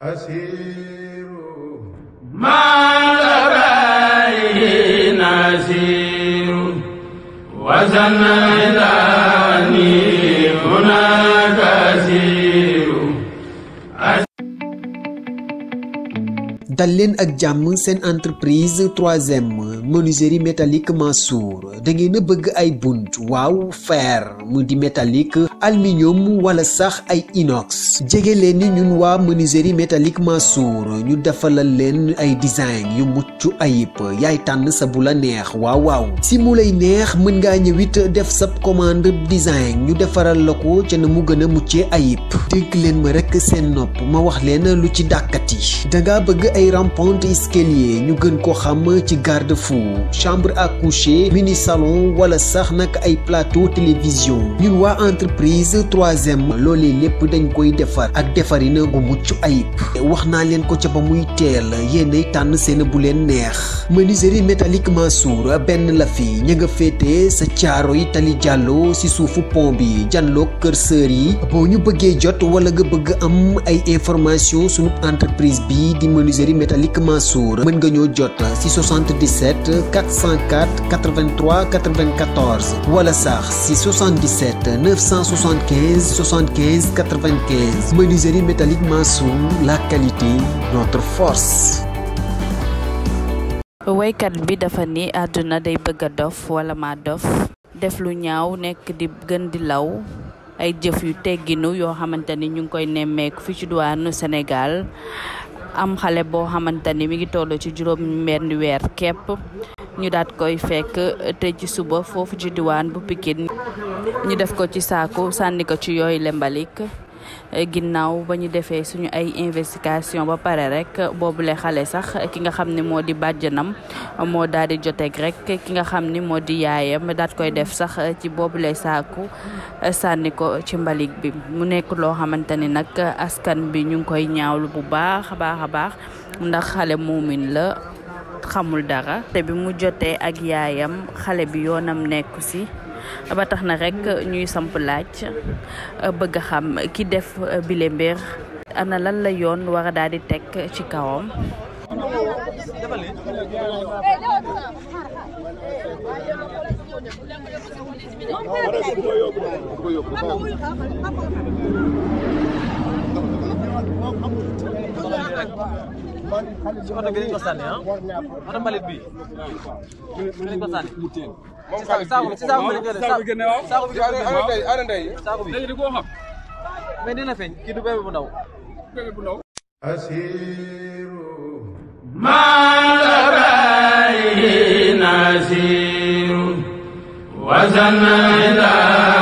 asiru malabari nasiru wasanna dal leen ak jàmm seen entreprise troisième menuiserie métallique Mansour da ngeen a bëgg ay bunt waaw fer mu di métallique aluminium wala sax ay inox jege leen ni ñun waa menuiserie métallique Mansour ñu defalal leen ay design yu mucc ayib yaay tànn sa bu la neex waaw waaw si mu lay neex mën ngaa ñëwit def sab commande design ñu defaral la ko ca na mu gën a muccee ayib dégg leen ma rek seen nopp ma wax leen lu ci dàkkati bëgg ay literie rampante escalier ñu gën ko xam ci garde-fou chambre à coucher mini salon wala sax nag ay plateau télévision ñun waa entreprise troisième loolee lépp dañ koy defar ak defarina gu mucc ayib wax naa leen ko ca ba muy teel yéenay tànn seen bu leen neex menuiserie métallique Mansour benn la fi ña nga féete sa caaro yi tali jàllo si suufu pont bi janloog kër sër yi boo ñu bëggee jot wala nga bëgg am ay information sunu entreprise bi di menuiserie métallique Mansour mën nga ñoo jot ci 77 404 83 94 wala sax ci 77 975 75 95 menuiserie métallique Mansour la qualité notre force waykat bi dafa ni aduna day bëgg dof wala ma dof def lu ñaaw nekk di gën di law ay jëf yu tegginu yoo xamante ni ñu ngi koy nemmeeku fi ci duwaanu sénégal am xale boo xamante ni mi ngi toll ci juróom mbenn weer kepp ñu daat koy fekk te ci suba foofu ci diwaan bu pikin ñu def ko ci saaku sànni ko ci yooyu le mbalik Eh, ginnaaw ba ñu defee suñu ay investigation ba pare rek boobule xale sax ki nga xam ni moo di bàjjanam moo daal di joteeg rek ki nga xam ni moo di yaayam daat koy def sax eh, ci boobule saaku eh, sànni ko ci mbalit bi mu nekk loo xamante ni nag askan bi ñu ngi koy ñaawlu bu baax a baax a baax ndax xale muumin la xamul dara te bi mu jotee ak yaayam xale bi yoonam nekku si ba tax na rekk ñuy samp laaj euh, bëgg a xam ki def euh, bile mbir ana lan la yoon wara a daal teg ci kawam. ci oto bi lañ ko sànni ah du bébé bu ndaw. bébé bu ndaw. asiru maalabayi nasiru wasanna